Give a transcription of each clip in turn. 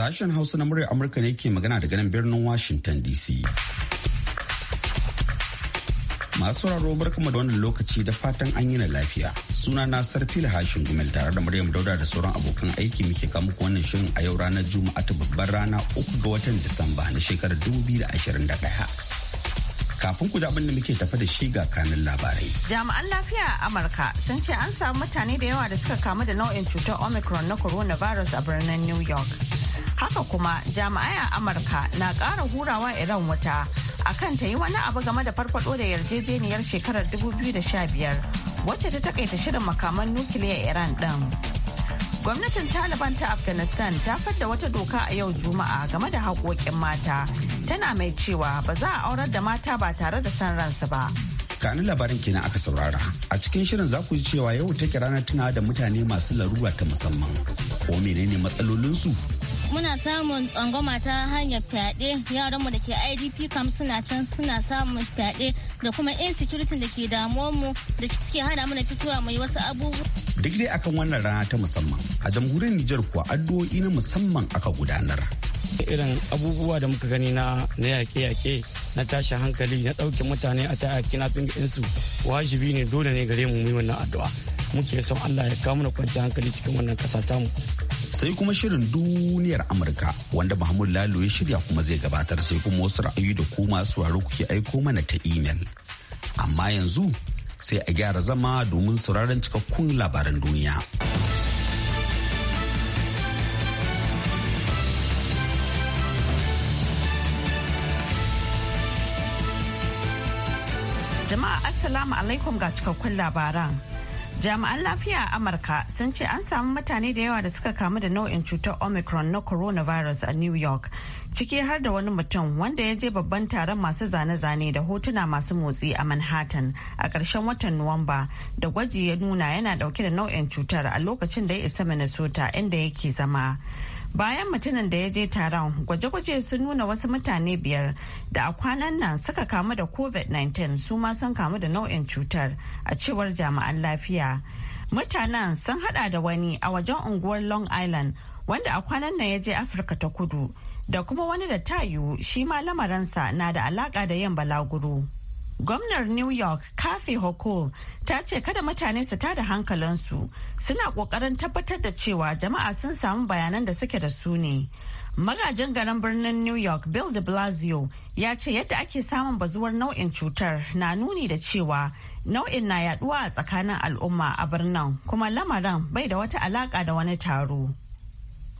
Sashen Hausa na muryar Amurka ne ke magana daga nan birnin Washington DC. Masu raro barkama da wannan lokaci da fatan an yi na lafiya. Suna na Sarfila Hashin Gumel tare da Maryam Dauda da sauran abokan aiki muke kama muku wannan shirin a yau ranar Juma'a ta babbar rana uku ga watan Disamba na shekarar 2021. kafin ku abin da muke tafa da shi ga kanin labarai. Jami'an lafiya a Amurka sun ce an samu mutane da yawa da suka kamu da nau'in cutar Omicron na coronavirus a birnin New York. haka kuma jami'ai a amurka na ƙara hurawa iran wuta akan ta yi wani abu game da farfado da yarjejeniyar shekarar 2015 wacce ta takaita shirin makaman nukiliya iran ɗin. gwamnatin taliban ta afghanistan ta fadda wata doka a yau juma'a game da haƙoƙin mata tana mai cewa ba za a aurar da mata ba tare da san ransu ba kanin labarin kenan aka saurara a cikin shirin za ku ji cewa yau take ranar tuna da mutane masu larura ta musamman ko menene matsalolinsu muna samun tsangwama ta hanyar fyaɗe yaranmu da ke idp kam suna can suna samun fyaɗe da kuma insecurity da ke mu da suke hana mana fitowa mai wasu abubuwa duk dai akan wannan rana ta musamman a jamhuriyar nijar kuwa addu'o'i na musamman aka gudanar irin abubuwa da muka gani na na yaƙe-yaƙe na tashi hankali na ɗauke mutane a ta kinafin ɗinsu wajibi ne dole ne gare mu yi wannan addu'a muke son Allah ya kawo mana kwanciyar hankali cikin wannan kasa tamu sai kuma shirin duniyar amurka wanda mahmud lalo ya shirya kuma zai gabatar sai kuma wasu ra'ayi da kuma masu kuke aiko mana ta imel amma yanzu sai a gyara zama domin sauraron cikakkun labaran duniya jama'a assalamu alaikum ga cikakkun labaran jami'an lafiya a amurka sun ce an samu mutane da yawa da suka kamu da nau'in cutar omicron na coronavirus a new york ciki har da wani mutum wanda ya je babban taron masu zane-zane da hotuna masu motsi a manhattan a ƙarshen watan nuwamba da gwaji ya nuna yana dauke da nau'in cutar a lokacin da ya isa minnesota inda yake zama bayan mutumin da ya je taron gwaje-gwaje sun nuna wasu mutane biyar da a kwanan nan suka kamu da covid-19 su ma sun kamu da nau'in cutar a cewar jami'an lafiya mutanen sun hada da wani a wajen unguwar long island wanda a kwanan nan ya je afirka ta kudu da kuma wani da ta yiwu shi ma lamarinsa na da alaka da yin balaguro. gwamnar new york kathy hochul ta ce kada mutane su tada hankalinsu suna kokarin tabbatar da cewa jama'a sun samu bayanan da suke da su ne magajin garin birnin new york bill de blasio ya ce yadda ake samun bazuwar nau'in cutar na nuni da cewa nau'in na yaduwa a tsakanin al'umma a birnin kuma lamarin bai da wata alaka da wani taro.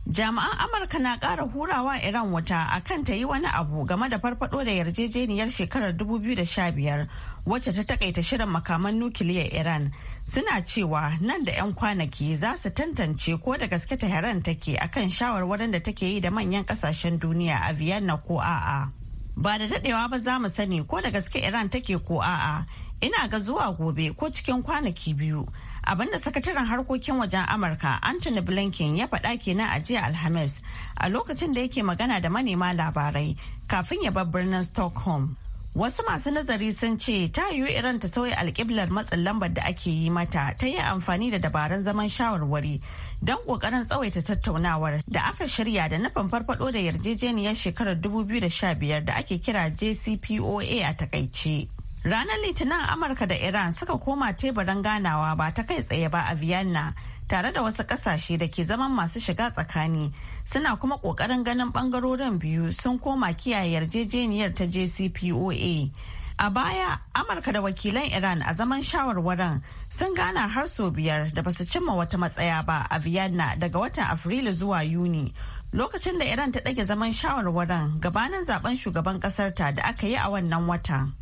jami'an amurka na ƙara hurawa iran wuta akan ta yi wani abu game da farfado da yarjejeniyar shekarar 2015 wacce ta takaita shirin makaman nukiliyar iran suna cewa nan da 'yan kwanaki za su tantance ko da gaske tehran take akan shawarwarin da take yi da manyan kasashen duniya a vienna ko a'a ba da dadewa ba za mu sani ko da gaske iran take ko a'a ina ga zuwa gobe ko cikin kwanaki biyu abinda sakataren harkokin wajen amurka anthony blinken ya faɗa kenan a jiya alhamis a lokacin da yake magana da manema labarai kafin ya bar birnin stockholm wasu masu nazari sun ce ta yiwu iran ta sauya alkiblar matsin lambar da ake yi mata ta yi amfani da dabarun zaman shawarwari don kokarin tsawaita tattaunawar da aka shirya da nufin farfado da yarjejeniyar shekarar 2015 da ake kira jcpoa a takaice Ranar Litinin Amurka da Iran suka koma teburin ganawa ba ta kai tsaye ba a Vienna tare da wasu kasashe da ke zaman masu shiga tsakani suna kuma kokarin ganin bangarorin biyu sun koma kiyaye yarjejeniyar ta JCPOA. A baya, Amurka da wakilan Iran a zaman shawarwarin sun gana har sau biyar da basu cimma wata matsaya ba a Vienna daga watan Afrilu zuwa Yuni. Lokacin da Iran ta ɗage zaman shawarwaran gabanin zaben shugaban ƙasarta da aka yi a wannan wata.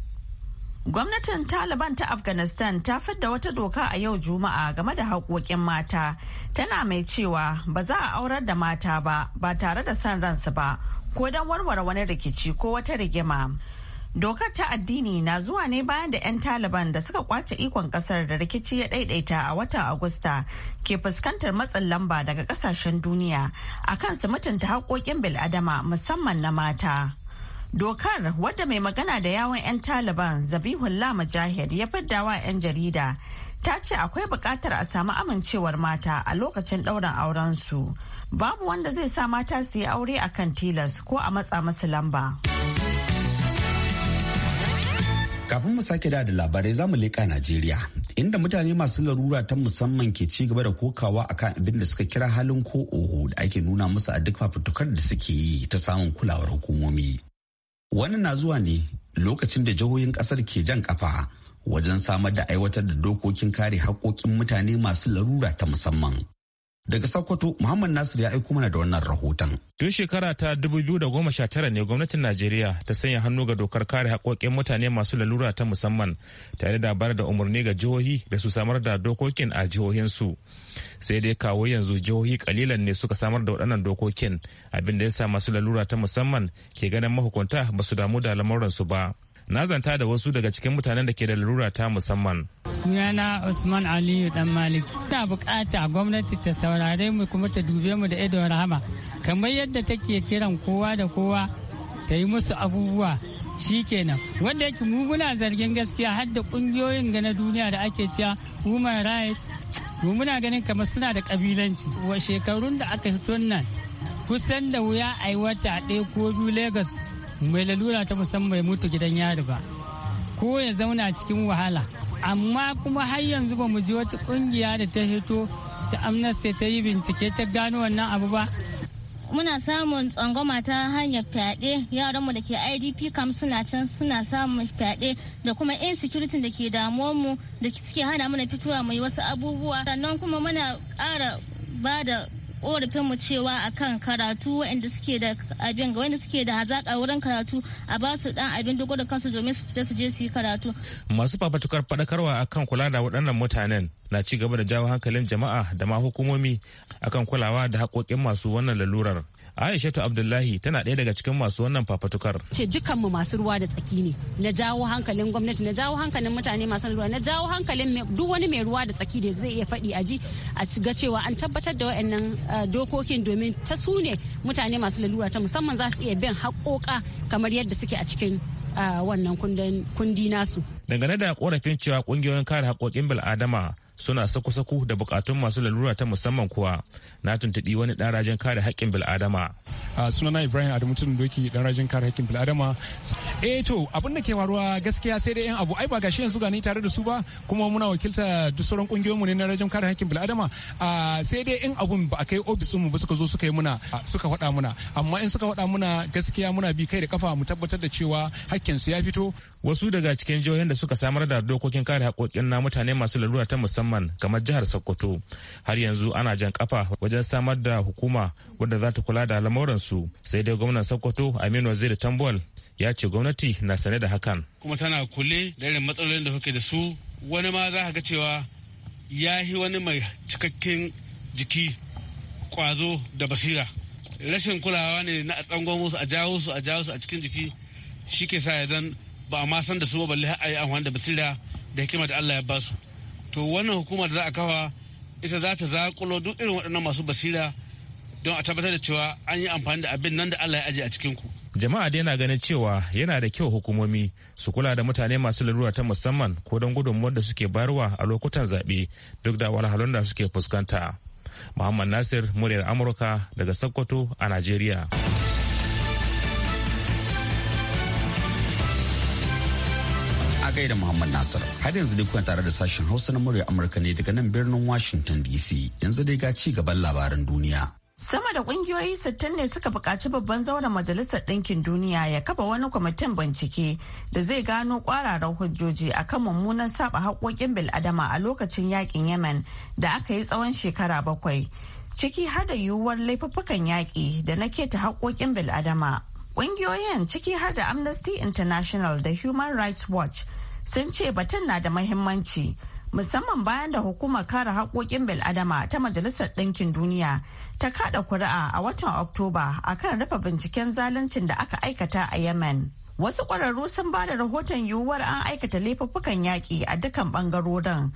Gwamnatin Taliban ta Afghanistan ta fadda wata doka a yau Juma'a game da haƙoƙin mata. Tana mai cewa ba za a aurar da mata ba ba tare da son ransu ba ko don warware wani rikici ko wata rigima. Dokar ta addini na zuwa ne bayan da 'yan Taliban da suka kwace ikon kasar da rikici ya daidaita a watan Agusta ke fuskantar matsin lamba daga kasashen duniya akan su mutunta haƙoƙin bil'adama musamman na mata. Dokar wadda mai magana da yawon 'yan Taliban Zabihullah Mujahid ya wa 'yan jarida ta ce akwai buƙatar a samu amincewar mata a lokacin ɗaurin su Babu wanda zai sa mata su yi aure a kan tilas ko a matsa masu lamba. Kafin mu sake da labarai zamu mu leƙa Najeriya, inda mutane masu larura ta musamman ke ci gaba da kokawa akan abin da suka kira halin ko oho da ake nuna musu a duk fafutukar da suke yi ta samun kulawar hukumomi. Wani na zuwa ne lokacin da jihohin ƙasar ke jan ƙafa wajen samar da aiwatar da dokokin kare haƙoƙin mutane masu larura ta musamman Daga Sokoto, Muhammad Nasir ya aiko mana da wannan rahoton. Tun shekara ta 2019 ne gwamnatin Najeriya ta sanya hannu ga dokar kare haƙoƙin mutane masu lalura ta musamman tare da bayar da umarni ga jihohi da su samar da dokokin a jihohinsu. Sai dai kawo yanzu jihohi kalilan ne suka samar da waɗannan dokokin abin da ya sa masu lalura ta musamman ke ganin mahukunta ba su damu da lamuransu ba. na zanta da wasu daga cikin mutanen da ke da larura ta musamman. Sunana Usman Aliyu Dan Malik. Ta bukata gwamnati ta saurare mu kuma ta dube mu da idon rahama. Kamar yadda take kiran kowa da kowa ta yi musu abubuwa shi kenan wanda yake mu muna zargin gaskiya har da kungiyoyin ga na duniya da ake cewa human rights mu muna ganin kamar suna da kabilanci wa shekarun da aka fito nan kusan da wuya a yi wata ɗaya ko biyu legas. mai lalura ta musamman mai mutu gidan yari ba ko ya zauna cikin wahala amma kuma har yanzu ba mu ji wata kungiya da ta hito ta amnesty ta yi bincike ta gano wannan abu ba muna samun tsangwama ta hanyar fyaɗe yaranmu da ke idp kam suna can suna samun fyaɗe da kuma insecurity da ke mu da suke hana mana fitowa mai wasu abubuwa sannan kuma muna ƙara ba da mu cewa a kan karatu waɗanda suke da abin ga waɗanda suke da hazaƙa wurin karatu a ba su dan abin dogo da kansu domin su fita su je su yi karatu. Masu fafatukar faɗakarwa kan kula da waɗannan mutanen na ci gaba da jawo hankalin jama'a da ma hukumomi akan kulawa da haƙoƙin masu wannan lalurar. Aishatu Abdullahi tana ɗaya daga cikin masu wannan fafatukar. Ce dukkanmu masu ruwa da tsaki ne. Na jawo hankalin gwamnati, na jawo hankalin mutane masu ruwa, na jawo hankalin duk wani mai ruwa da tsaki da zai iya faɗi a ji a ga cewa an tabbatar da waɗannan eh, dokokin domin ta su ne mutane masu lalura ta musamman za su iya bin haƙoƙa kamar yadda suke a cikin eh, wannan kundi nasu. Dangane da korafin cewa ƙungiyoyin kare haƙoƙin bil'adama suna sako-sako da bukatun masu lalura ta musamman kuwa na tuntuɓi wani ɗan rajin kare haƙƙin bil'adama. Suna na ibrahim adamu tun doki ɗan rajin kare haƙƙin bil'adama eh to abin da ke faruwa gaskiya sai dai yan abu ai ba gashi yanzu gani tare da su ba kuma muna wakilta duk sauran ƙungiyoyinmu ne na rajin kare haƙƙin bil'adama sai dai yan abun ba a kai ofis mu ba suka zo suka yi muna suka faɗa muna amma in suka faɗa muna gaskiya muna bi kai da kafa mu tabbatar da cewa haƙƙinsu ya fito. wasu daga cikin jihohin da suka samar da dokokin kare haƙoƙin na mutane masu lalura ta musamman musamman kamar jihar Sokoto. Har yanzu ana jan kafa wajen samar da hukuma wadda za ta kula da lamuransu sai dai gwamnan Sokoto Aminu Waziri Tambuwal ya ce gwamnati na sane da hakan. Kuma tana kule da irin matsalolin da kuke da su wani ma za ga cewa ya yi wani mai cikakken jiki kwazo da basira. Rashin kulawa ne na tsangon su a jawo su a jawo su a cikin jiki shi ke sa ya zan ba a ma san da su ba balle har a yi amfani da basira da hikima da Allah ya ba su. to wannan hukumar da za a kafa ita za ta zakulo duk irin waɗannan masu basira don a tabbatar da cewa an yi amfani da abin nan da Allah ya aje a cikinku. Jama'a dai na ganin cewa yana da kyau hukumomi su kula da mutane masu larura ta musamman ko don gudunmuwar da suke bayarwa a lokutan zaɓe duk da wahalhalun da suke fuskanta. Muhammad Nasir, muryar Amurka daga Sokoto a Najeriya. a da Muhammad Nasir. Har yanzu dai kuna tare da sashen Hausa na murya Amurka ne daga nan birnin Washington DC. Yanzu dai ga ci gaban labaran duniya. Sama da kungiyoyi sittin ne suka buƙaci babban zauren Majalisar Ɗinkin Duniya ya kafa wani kwamitin bincike da zai gano kwararan hujjoji akan mummunan saba haƙoƙin bil'adama a lokacin yakin Yemen da aka yi tsawon shekara bakwai. Ciki har da yiwuwar laifuffukan yaƙi da na keta haƙoƙin bil'adama. Ƙungiyoyin ciki har da Amnesty International da Human Rights Watch sun ce batun na da mahimmanci musamman bayan da hukumar kare haƙoƙin bil'adama ta Majalisar Ɗinkin Duniya ta kada kuri'a a watan Oktoba a kan rufe binciken zaluncin da aka aikata a Yemen. Wasu ƙwararru sun ba da rahoton yiwuwar an aikata laifuffukan yaƙi a dukkan ɓangarorin.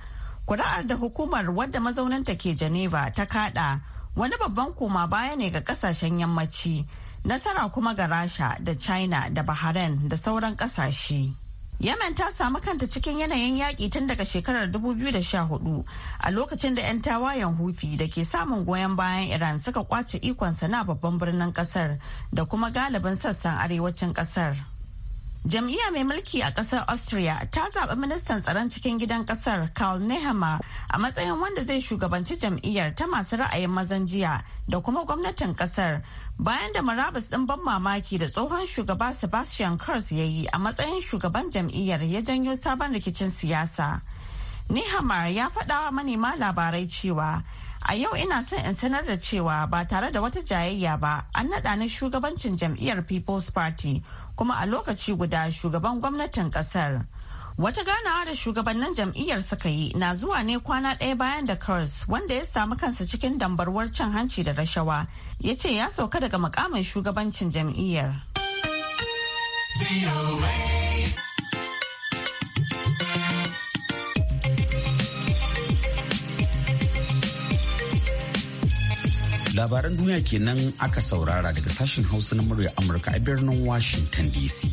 Kuri'ar da hukumar wadda mazauninta ke Geneva ta kada wani babban koma baya ne ga ƙasashen yammaci nasara kuma ga rasha da china da bahrain da sauran kasashe yemen ta samu kanta cikin yanayin yaƙi tun daga shekarar 2014 a lokacin da 'yan tawayen hufi da ke samun goyon bayan iran suka kwace ikon sana babban birnin kasar da kuma galibin sassan arewacin kasar Jam'iyya mai mulki a kasar Austria ta zaɓi ministan tsaron cikin gidan kasar Karl Nehama a matsayin wanda zai shugabanci jam'iyyar ta masu ra'ayin mazan jiya da kuma gwamnatin kasar. bayan da marabus ɗin ban mamaki da tsohon shugaba Sebastian Kurz ya yi a matsayin shugaban jam'iyyar ya janyo sabon rikicin siyasa. Nehamar ya faɗawa manema labarai cewa A yau ina son in sanar da cewa ba tare da wata jayayya ba an naɗa ni shugabancin jam'iyyar People's Party kuma a lokaci guda shugaban gwamnatin ƙasar. Wata ganawa da shugabannin jam'iyyar suka yi na zuwa ne kwana ɗaya bayan da Kurs wanda ya samu kansa cikin dambarwar cin hanci da rashawa ya ce ya sauka daga mukamin shugabancin jam'iyyar. labaran duniya kenan aka saurara daga sashen hausa na murya amurka a birnin washington dc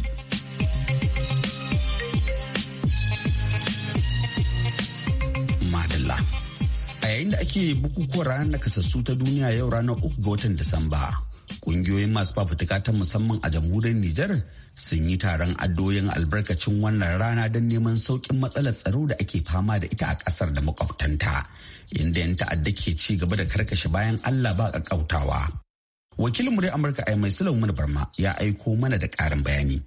madalla a yayin da ake bukukuwar ranar nakasassu ta duniya yau ranar uku ga watan disamba Ƙungiyoyin masu fafutuka ta musamman a jamhuriyar Nijar sun yi taron addoyin albarkacin wannan rana don neman saukin matsalar tsaro da ake fama da ita a ƙasar da makwabtanta, inda 'yan ta'adda ke ci gaba da karkashe bayan Allah ba ƙaƙƙautawa. Wakilin muryar Amurka Aimai Sulaiman Barma ya aiko mana da ƙarin bayani.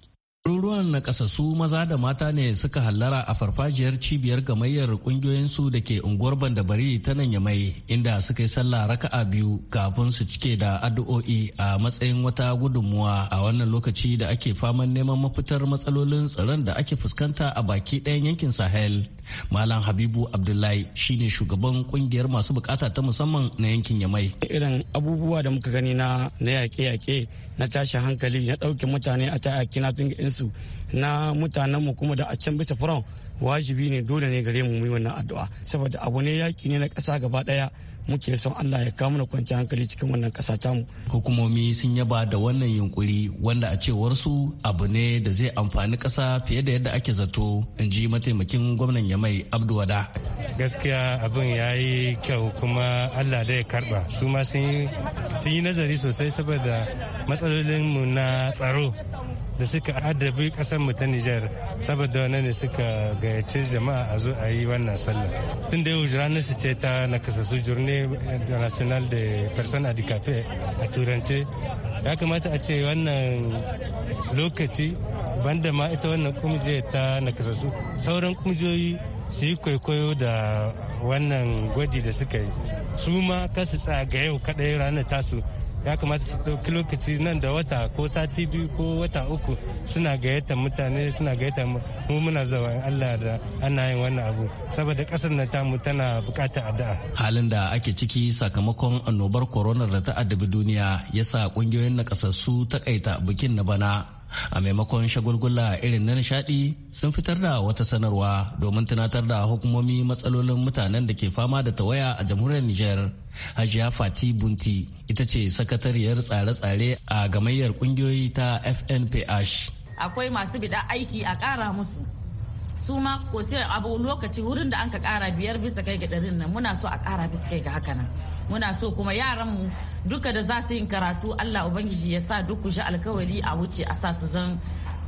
Ruruwan na su maza da mata ne suka hallara a farfajiyar cibiyar gamayyar ƙungiyoyin su da ke unguwar bandabari ta nan yamai inda suka yi sallah raka'a biyu kafin su cike da addu'o'i a matsayin wata gudunmuwa a wannan lokaci da ake faman neman mafitar matsalolin tsaron da ake fuskanta a baki ɗayan yankin sahel malam habibu abdullahi shine shugaban ƙungiyar masu bukata ta musamman na yankin yamai irin abubuwa da muka gani na yaƙe-yaƙe na tashi hankali na ɗauke mutane a taya kinafin insu na mutanenmu kuma da a can bisa furan wajibi ne dole ne gare mu mu wannan addu'a saboda abu ne yaki ne na ƙasa gaba ɗaya muke son Allah ya kawo mana kwanciyar hankali cikin wannan kasa mu. Hukumomi sun yaba da wannan yunkuri wanda a cewar su abu ne da zai amfani kasa fiye da yadda ake zato in ji mataimakin gwamnan Yamai Abdu Wada. Gaskiya abin ya yi kyau kuma Allah da ya karba suma ma sun yi nazari sosai saboda matsalolin mu na tsaro da suka adabi kasar mu ta Nijar saboda wannan ne suka gayyace jama'a a zo a yi wannan sallah tun da yau ranar su ce ta na su journée international eh, de personnes handicapées a turance ya kamata a ce wannan lokaci banda ma ita wannan kumje ta na su sauran kumjoyi su yi kwaikwayo da wannan gwaji da suka yi su ma kasu tsaya ga yau kaɗai ranar tasu ya kamata su ɗauki lokaci nan da wata ko sati biyu ko wata uku suna gayyatar mutane suna gayyatar mu muna zawa Allah da ana yin wannan abu saboda ƙasar nan tamu tana buƙatar addu'a halin da ake ciki sakamakon annobar korona da ta addabi duniya yasa ƙungiyoyin nakasassu takaita bikin na bana a maimakon shagulgula irin na nishadi sun fitar da wata sanarwa domin tunatar da hukumomi matsalolin mutanen da ke fama da tawaya a jamhuriyar Nijar. Hajiya Fati Bunti ita ce sakatariyar tsare-tsare a gamayyar kungiyoyi ta FNPH. Akwai masu bida aiki a kara musu. su ma ko sai abu lokaci wurin da an ka ƙara biyar bisa kai ga ɗarin nan muna so a kara bisa kai ga haka nan. muna so kuma yaranmu duka da za su yin karatu allah ubangiji ya sa duk ku alkawari a wuce a sa su zan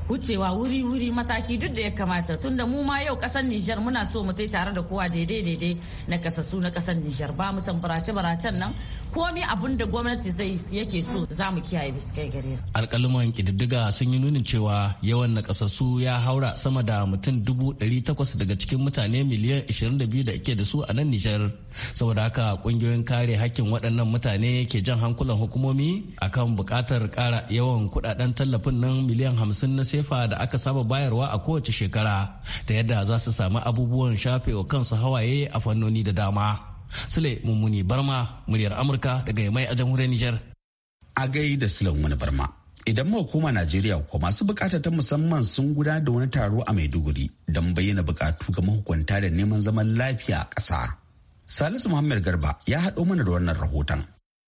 wucewa wuri-wuri mataki duk da ya kamata tunda mu ma yau kasar Nijar muna so mu tai tare da kowa daidai daidai na kasasu na kasar Nijar ba mu san barace-baracen nan komai abun da gwamnati zai yake so za mu kiyaye biskai gare su. Alƙaluman kididdiga sun yi nunin cewa yawan na kasasu ya haura sama da mutum dubu ɗari takwas daga cikin mutane miliyan ishirin da biyu da ke da su a nan Nijar. Saboda haka kungiyoyin kare hakkin waɗannan mutane ke jan hankulan hukumomi akan buƙatar ƙara yawan kuɗaɗen tallafin nan miliyan hamsin na sai sefa da aka saba bayarwa a kowace shekara ta yadda za su sami abubuwan shafe wa kansu hawaye a fannoni da dama. Sule Mummuni Barma, muryar Amurka daga Yamai a jamhuriyar Nijar. A gai da Sule Mummuni Barma. Idan mu Najeriya ko masu bukata ta musamman sun guda da wani taro a Maiduguri don bayyana bukatu ga mahukunta da neman zaman lafiya a ƙasa. Salisu Muhammad Garba ya haɗo mana da wannan rahoton.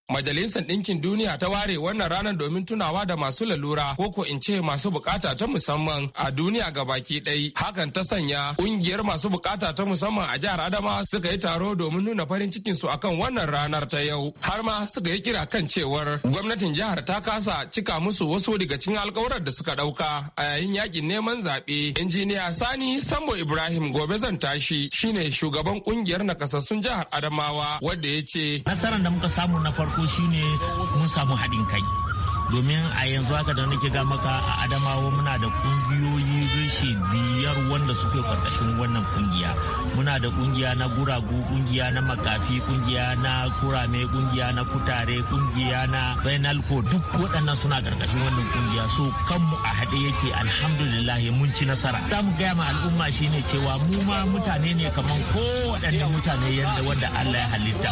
Majalisar Ɗinkin Duniya ta ware wannan ranar domin tunawa da masu lalura ko ko in ce masu bukata ta musamman a duniya ga baki ɗai. Hakan ta sanya ƙungiyar masu bukata ta musamman a jihar Adama suka yi taro domin nuna farin cikin su akan wannan ranar ta yau. Har ma suka yi kira kan cewar gwamnatin jihar ta kasa cika musu wasu daga cikin alkawuran da suka ɗauka a yayin yakin neman zaɓe. Injiniya Sani Sambo Ibrahim Gobe zan tashi shine shugaban ƙungiyar nakasassun jihar Adamawa wanda ya ce. Nasarar da muka samu na farko farko shine mun samu haɗin kai domin a yanzu haka da nake ga maka a adamawa muna da kungiyoyi rushe biyar wanda suke karkashin wannan kungiya muna da kungiya na guragu kungiya na makafi kungiya na kurame kungiya na kutare kungiya na bainalko duk waɗannan suna karkashin wannan kungiya so kanmu a haɗe yake alhamdulillah mun ci nasara za mu gaya ma al'umma shine cewa mu ma mutane ne kamar waɗanne mutane yadda wanda Allah ya halitta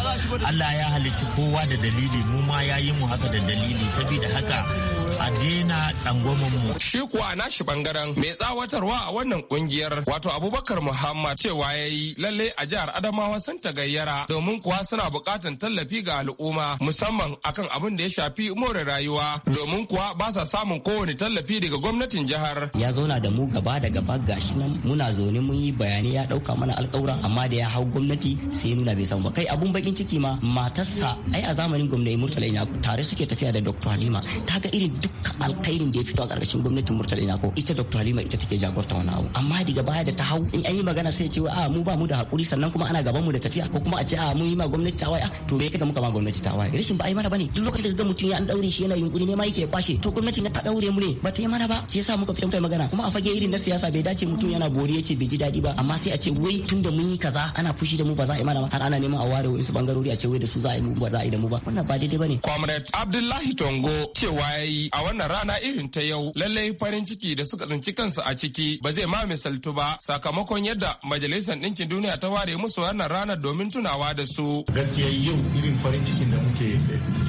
Allah ya halitta kowa da dalili mu ma ya yi mu haka da dalili saboda haka 啊。a dena tsangwamin mu. Shi kuwa a nashi bangaren mai tsawatarwa a wannan kungiyar wato Abubakar Muhammad cewa ya yi lalle a jihar Adamawa sun ta gayyara domin kuwa suna buƙatan tallafi ga al'umma musamman akan abin da ya shafi more rayuwa domin kuwa ba sa samun kowane tallafi daga gwamnatin jihar. Ya zauna da mu gaba da gaba gashi nan muna zaune mun yi bayanai ya ɗauka mana alƙawura amma da ya hau gwamnati sai nuna bai samu ba kai abun bakin ciki ma matarsa ai a zamanin gwamnati Murtala Inyaku tare suke tafiya da Dr. Halima ta ga irin dukkan alkhairin da ya fito a karkashin gwamnatin murtala ina ko ita dr halima ita take jagorta wani abu amma daga baya da ta hau in an yi magana sai cewa a ah, mu ba mu da hakuri sannan kuma ana gaban mu da tafiya ko kuma a ce a ah, mu yi ma gwamnati tawaya a to me kada muka ma gwamnati tawaya rashin ba ai mana bane duk lokacin da ga mutum ya an daure shi yana yunkuri ne ma yake kwashe to gwamnatin ta daure mu ne ba ta yi mana ba shi yasa muka fito kai magana kuma a fage irin na siyasa bai dace mutum yana bori yace bai ji dadi ba amma sai a ce wai da mun yi kaza ana fushi da mu ba za a yi mana har ana neman a ware wasu bangarori a ce wai da su za a yi mu ba za a yi da mu ba wannan ba daidai bane comrade abdullahi tongo cewa yayi a wannan rana irin ta yau lallai farin ciki da suka tsinci kansu a ciki ba zai ma misaltu ba sakamakon yadda majalisar ɗinkin duniya ta ware musu wannan ranar domin tunawa da su. Gaskiya yau irin farin cikin da muke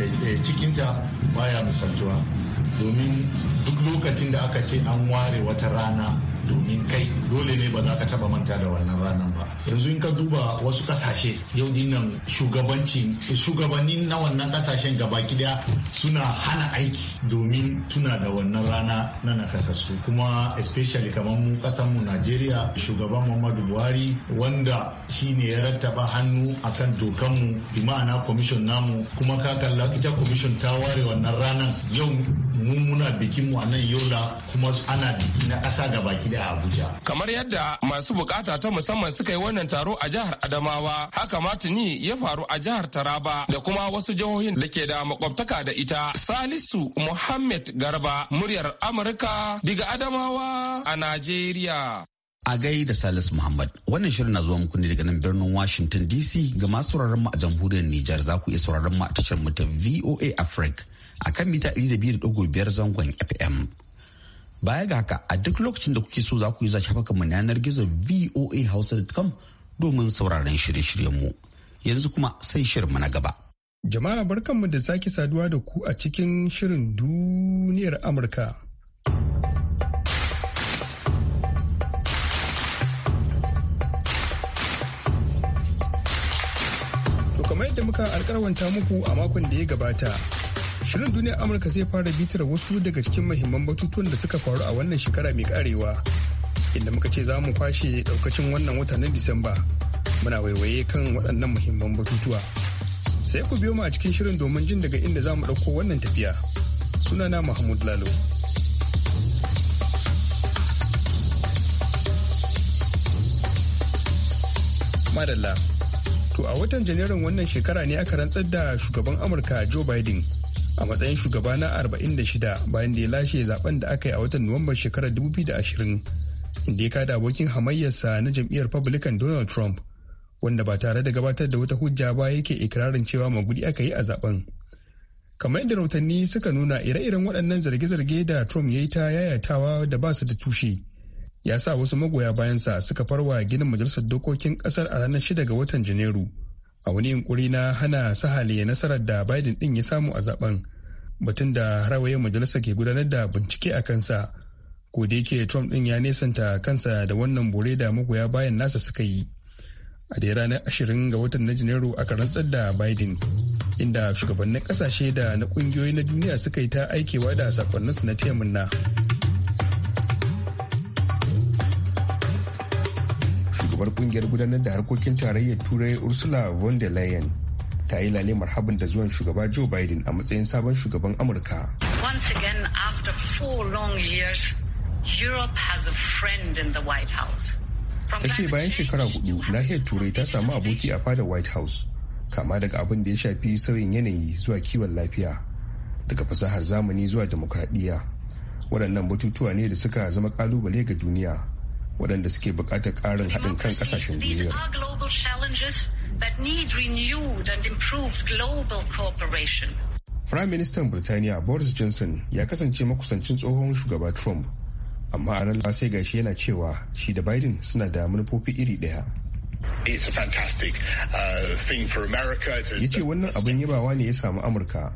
eh, cikinta baya misaltuwa domin duk lokacin da aka ce an ware wata rana domin kai dole ne ba za ka taba manta da wannan ranar ba yanzu in ka duba wasu kasashe yau dinnan shugabanci shugabanni na wannan kasashen gaba daya suna hana aiki domin tuna da wannan rana na nakasassu kuma especially kamar mu kasan mu Najeriya shugaban Muhammadu Buhari wanda shine ya rattaba hannu akan dokan mu imana commission namu kuma ka kalla ita commission ta ware wannan ranar yau mu muna bikin mu a nan yola kuma ana biki na ƙasa ga baki da abuja kamar yadda masu bukata ta musamman suka yi wannan taro a jihar adamawa haka ma tuni ya faru a jihar taraba da kuma wasu jihohin da ke da makwabtaka da ita salisu muhammad garba muryar amurka diga adamawa a najeriya a gai da salis muhammad wannan shirin na zuwa muku ne daga nan birnin washington dc ga masu sauraron mu a jamhuriyar nijar za ku iya sauraron mu a tashar mu ta voa africa a kan mita biyar zangon FM. Baya ga haka a duk lokacin da kuke so za ku yi za shafa mu yanar gizo voahausa.com domin sauraron shirye-shiryenmu. Yanzu kuma sai shirinmu na gaba. Jama'a barkanmu da sake saduwa da ku a cikin shirin duniyar Amurka. kamar yadda muka alkarwanta muku a makon da ya gabata. Shirin duniya Amurka zai fara bitar wasu daga cikin mahimman batutuwan da suka faru a wannan shekara mai karewa. Inda muka ce za mu kwashe daukacin wannan wata na Disamba. Muna waiwaye kan waɗannan mahimman batutuwa. Sai ku biyo mu a cikin shirin domin jin daga inda za mu ɗauko wannan tafiya. Sunana Mahmud Lalo. Madalla. To a watan Janairun wannan shekara ne aka rantsar da shugaban Amurka Joe Biden. a matsayin shugaba na 46 bayan da ya lashe zaben da aka yi a watan Nuwamban shekarar 2020 inda ya kada abokin hamayyarsa na jam'iyyar Republican Donald Trump wanda ba tare da gabatar da wata hujja ba yake ikirarin cewa magudi aka yi a zaben. Kamar yadda rahotanni suka nuna ire-iren waɗannan zarge-zarge da Trump ya yi ta yayatawa da ba su da tushe. Ya sa wasu magoya bayansa suka farwa ginin majalisar dokokin ƙasar a ranar 6 ga watan Janairu. a wani yunkuri na hana sahale nasarar da biden din ya samu a zaben batun da rawaye majalisa ke gudanar da bincike a kansa ko da yake trump din ya nesanta kansa da wannan bore da magoya bayan nasa suka yi a da ranar ashirin ga watan na janairu aka rantsar da biden inda shugabannin kasashe da na kungiyoyi na duniya suka yi ta aikewa da sakonninsu na taimunna. shugabar kungiyar gudanar da harkokin tarayyar turai ursula von der leyen ta yi lalimar habin da zuwan shugaba joe biden a matsayin sabon shugaban amurka once again after four long years europe has a friend house ta ce bayan shekara hudu nahiyar turai ta samu aboki a fadar white house kama daga abin da ya shafi sauyin yanayi zuwa kiwon lafiya daga fasahar zamani zuwa demokradiyya waɗannan batutuwa ne da suka zama kalubale ga duniya waɗanda suke buƙatar ƙarin haɗin kan ƙasashen duniya. Prime Minister Birtaniya Boris Johnson ya kasance makusancin tsohon shugaba Trump, amma a ranar sai gashi yana cewa shi da Biden suna da manufofi iri ɗaya. Uh, ya ce wannan abin yabawa ne ya samu Amurka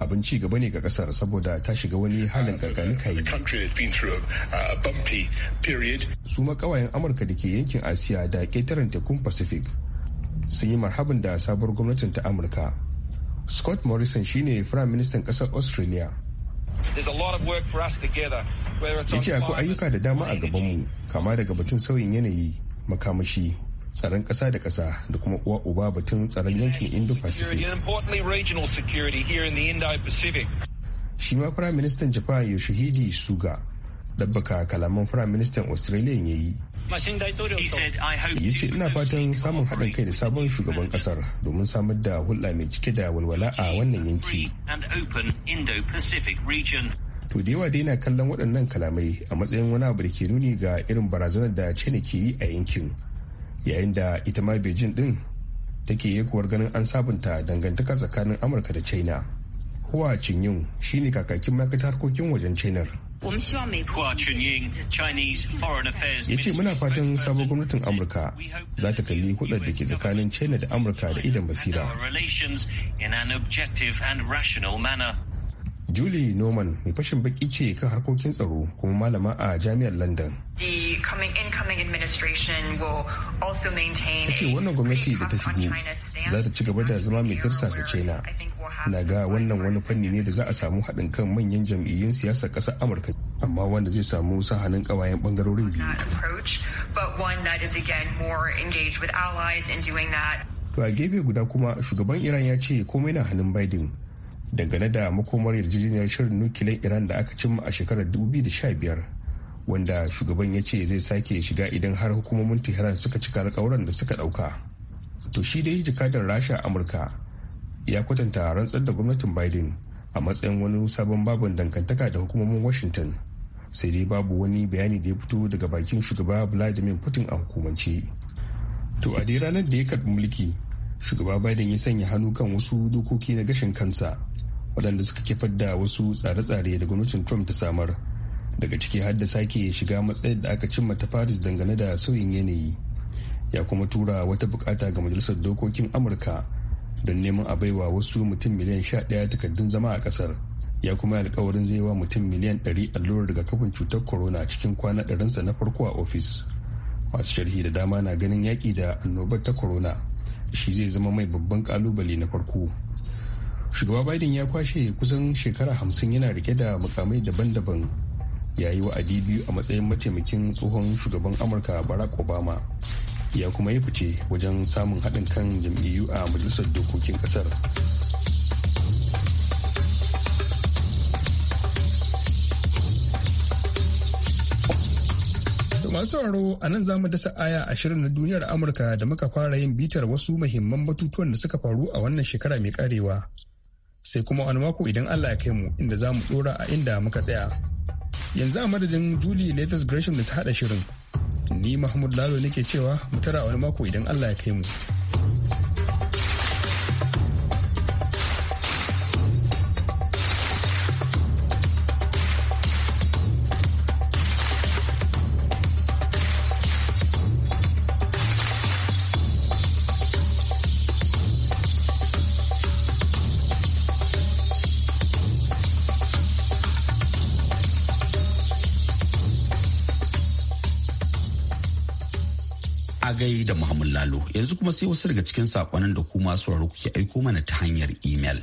abin ci gaba ne ga kasar saboda ta shiga wani halin uh, kankanin kayi. su makawayen amurka da ke yankin asiya da ƙetaren tekun pacific sun yi marhaban da sabuwar gwamnatin ta amurka scott morrison shine firayim ministan kasar australia ya ce akwai ayyuka da dama a gabanmu kama daga batun sauyin yanayi makamashi tsaron kasa da kasa da kuma uwa uba batun tsaron yankin indo-pacific shi ma firayim ministan japan yoshihide suga dabbaka kalaman firayim ministan australia ya yi ya ce ina fatan samun haɗin kai da sabon shugaban kasar domin samar da hulɗa mai cike da walwala a wannan yanki to da yawa daina kallon waɗannan kalamai a matsayin wani abu da ke nuni ga irin barazanar da china ke yi a yankin yayin da ita ma beijing din take yakuwar ganin an sabunta dangantaka tsakanin amurka da china huwa chin chinyin shine kakakin ma'aikatar harkokin wajen chinar ya ce muna fatan sabon gwamnatin amurka za ta kalli hudar da ke tsakanin china da amurka da idan basira Julie Norman mai fashin baki ce kan harkokin tsaro kuma malama a jami'ar London. Ta ce wannan gwamnati da ta shigo za ta ci gaba da zama mai tirsasa China. Na ga wannan wani fanni ne da za a samu haɗin kan manyan jam'iyyun siyasar ƙasar Amurka amma wanda zai samu sahanin ƙawayen ɓangarorin biyu. To a gefe guda kuma shugaban Iran ya ce komai na hannun Biden dangane da makomar yarjejeniyar shirin nukiliyar iran da aka cimma a shekarar 2015 wanda shugaban ya ce zai sake shiga idan har hukumomin tehran suka cika alkawuran da suka dauka to shi dai jikadar rasha amurka ya kwatanta rantsar da gwamnatin biden a matsayin wani sabon babin dangantaka da hukumomin washington sai dai babu wani bayani da ya fito daga bakin shugaba vladimir putin a hukumance to a dai ranar da ya karbi mulki shugaba biden ya sanya hannu kan wasu dokoki na gashin kansa waɗanda suka kifar da wasu tsare-tsare da gwamnatin trump ta samar daga ciki har da sake shiga matsayin da aka cimma ta paris dangane da sauyin yanayi ya kuma tura wata bukata ga majalisar dokokin amurka don neman a baiwa wasu mutum miliyan 11 takardun zama a kasar ya kuma alkawarin zai wa mutum miliyan 100 allurar rigakafin cutar corona cikin kwana ɗarinsa na farko a ofis masu sharhi da dama na ganin yaƙi da annobar ta corona shi zai zama mai babban ƙalubale na farko shugaba biden ya kwashe kusan shekara hamsin yana rike da mukamai daban-daban ya yi wa'adi biyu a matsayin mataimakin tsohon shugaban amurka barack obama ya kuma yi fice wajen samun haɗin kan jam'iyyu a majalisar dokokin ƙasar masu sauraro a nan za mu dasa aya ashirin na duniyar amurka da muka fara yin bitar wasu muhimman batutuwan da suka faru a wannan shekara mai karewa sai kuma wani mako idan Allah ya kai mu inda za mu dora a inda muka tsaya. Yanzu a madadin Julie Latest Gresham da ta haɗa shirin. Ni Mahmud Lalo nake cewa mu tara wani mako idan Allah ya kai mu. gai da Muhammad Lalo. Yanzu kuma sai wasu daga cikin sakonin da kuma sauraro kuke aiko mana ta hanyar imel.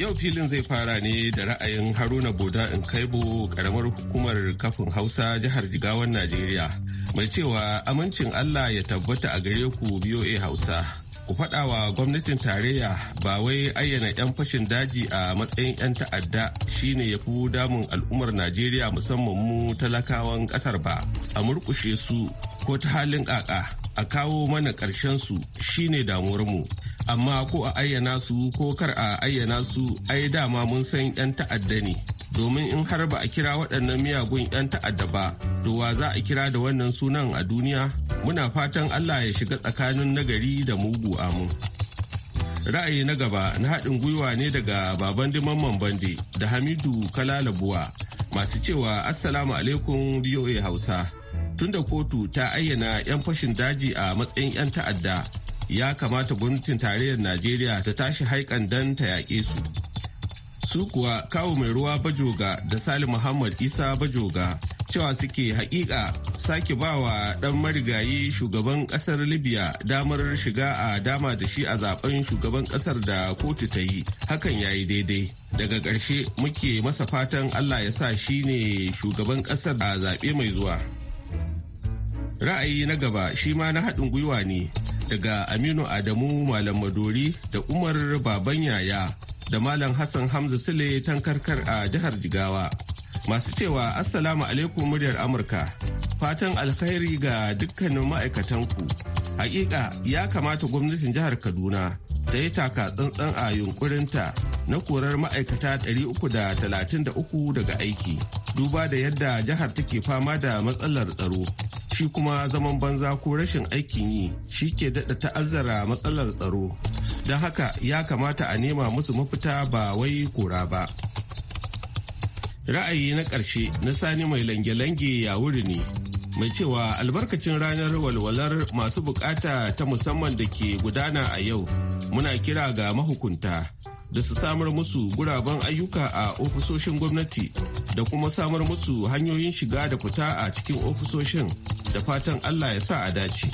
Yau filin zai fara ne da ra'ayin Haruna Boda in kaibo karamar hukumar kafin Hausa jihar Jigawan Najeriya. Mai cewa amincin Allah ya tabbata a gare ku BOA Hausa. ku faɗa wa gwamnatin tarayya ba wai ayyana 'yan fashin daji a matsayin 'yan ta'adda shine ya fi damun al'ummar najeriya musamman mu talakawan ƙasar ba a murƙushe su ko ta halin ƙaƙa a kawo mana ƙarshen su shine mu. amma ko a ayyana su ko kar a ayyana su ai dama mun san 'yan ta'adda ne domin in har ba a kira waɗannan miyagun 'yan ta'adda ba wa za a kira da wannan sunan a duniya muna fatan allah ya shiga tsakanin nagari da mugu amin ra'ayi na gaba na haɗin gwiwa ne daga baban diman bande da hamidu kalalabuwa masu cewa assalamu alaikum voa hausa tunda kotu ta ayyana 'yan fashin daji a matsayin 'yan ta'adda ya kamata gwamnatin tarayyar najeriya ta tashi haikan dan ta yaƙe su su kuwa kawo mai ruwa bajoga da sali muhammad isa bajoga cewa suke hakika sake bawa dan marigayi shugaban kasar libya damar shiga a dama da shi a zaben shugaban kasar da kotu ta yi hakan yayi daidai daga ƙarshe muke masa fatan allah ya sa shi ne shugaban kasar a zaɓe mai zuwa ra'ayi na gaba shi ma na haɗin gwiwa ne daga aminu adamu malam madori da umar baban yaya da Malam Hassan Hamza Sule tankarkar a jihar Jigawa. Masu cewa Assalamu alaikum muryar Amurka. Fatan alkhairi ga dukkanin ma'aikatanku. Hakika ya kamata gwamnatin jihar Kaduna ta yi taka tsantsan a yunkurinta na korar ma'aikata 333 daga aiki. Duba da yadda jihar take fama da matsalar tsaro. shi kuma zaman banza ko rashin aikin yi shi ke daɗa ta'azzara matsalar tsaro don haka ya kamata a nema musu mafita ba wai kura ba ra'ayi na ƙarshe na sani mai lange-lange ya wuri ne mai cewa albarkacin ranar walwalar masu bukata ta musamman da ke gudana a yau muna kira ga mahukunta da su samar musu guraben ayyuka a ofisoshin gwamnati da kuma samar musu hanyoyin shiga da fita a cikin ofisoshin da fatan Allah ya sa a dace.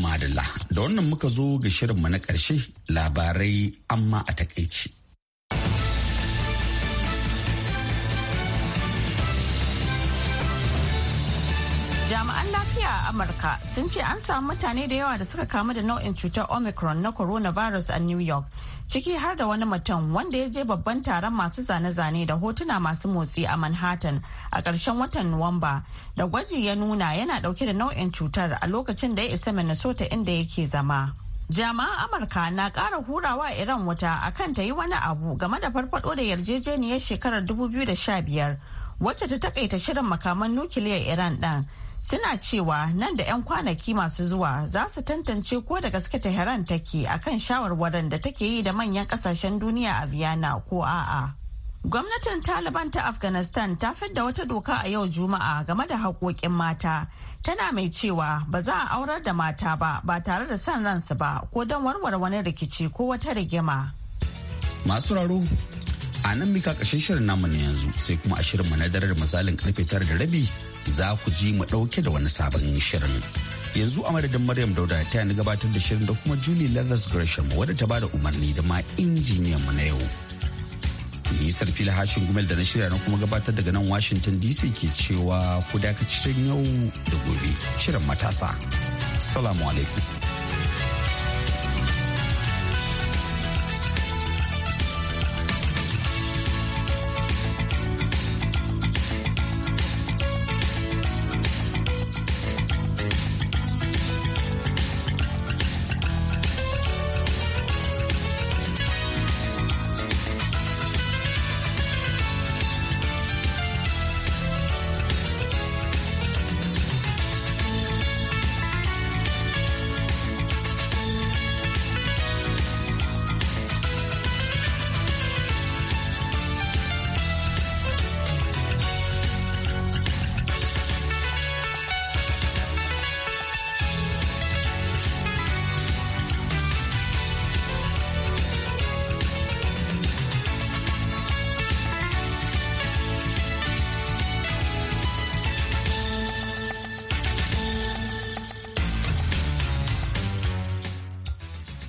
Madalla, da wannan muka zo ga shirinmu na ƙarshe labarai amma a takaici. lafiya a Amurka sun ce an samu mutane da yawa da suka kamu da nau'in cutar Omicron na coronavirus a New York, ciki har da wani mutum wanda ya je babban taron masu zane-zane da hotuna masu motsi a Manhattan a ƙarshen watan Nuwamba da gwaji ya nuna yana ɗauke da nau'in cutar a lokacin da ya isa Minnesota inda yake zama. Jama'an amurka na ƙara hurawa iran wuta akan ta yi wani abu game da farfado da yarjejeniyar shekarar 2015 wacce ta taƙaita shirin makaman nukiliyar iran ɗin. suna cewa nan da 'yan kwanaki masu zuwa za su tantance ko da gaske Tehran take akan shawarwarin da take yi da manyan kasashen duniya a Viyana ko a'a. Gwamnatin Taliban ta Afghanistan ta fidda wata doka a yau Juma'a game da haƙoƙin mata. Tana mai cewa ba za a aurar da mata ba ba tare da son ransu ba ko don warware wani rikici ko wata rigima. Masu raro a nan mika shirin namu na yanzu sai kuma a shirinmu na misalin karfe tara da rabi za ku ji mu ɗauke da wani sabon shirin. Yanzu a madadin Maryam Dauda ta ni gabatar da shirin da kuma Julie Leathers Gresham wadda ta bada umarni da ma injiniyan mu na yau. Ni sarfi hashin gumel da na shirya na kuma gabatar daga nan Washington DC ke cewa ku dakacin yau da gobe shirin matasa. Salamu alaikum.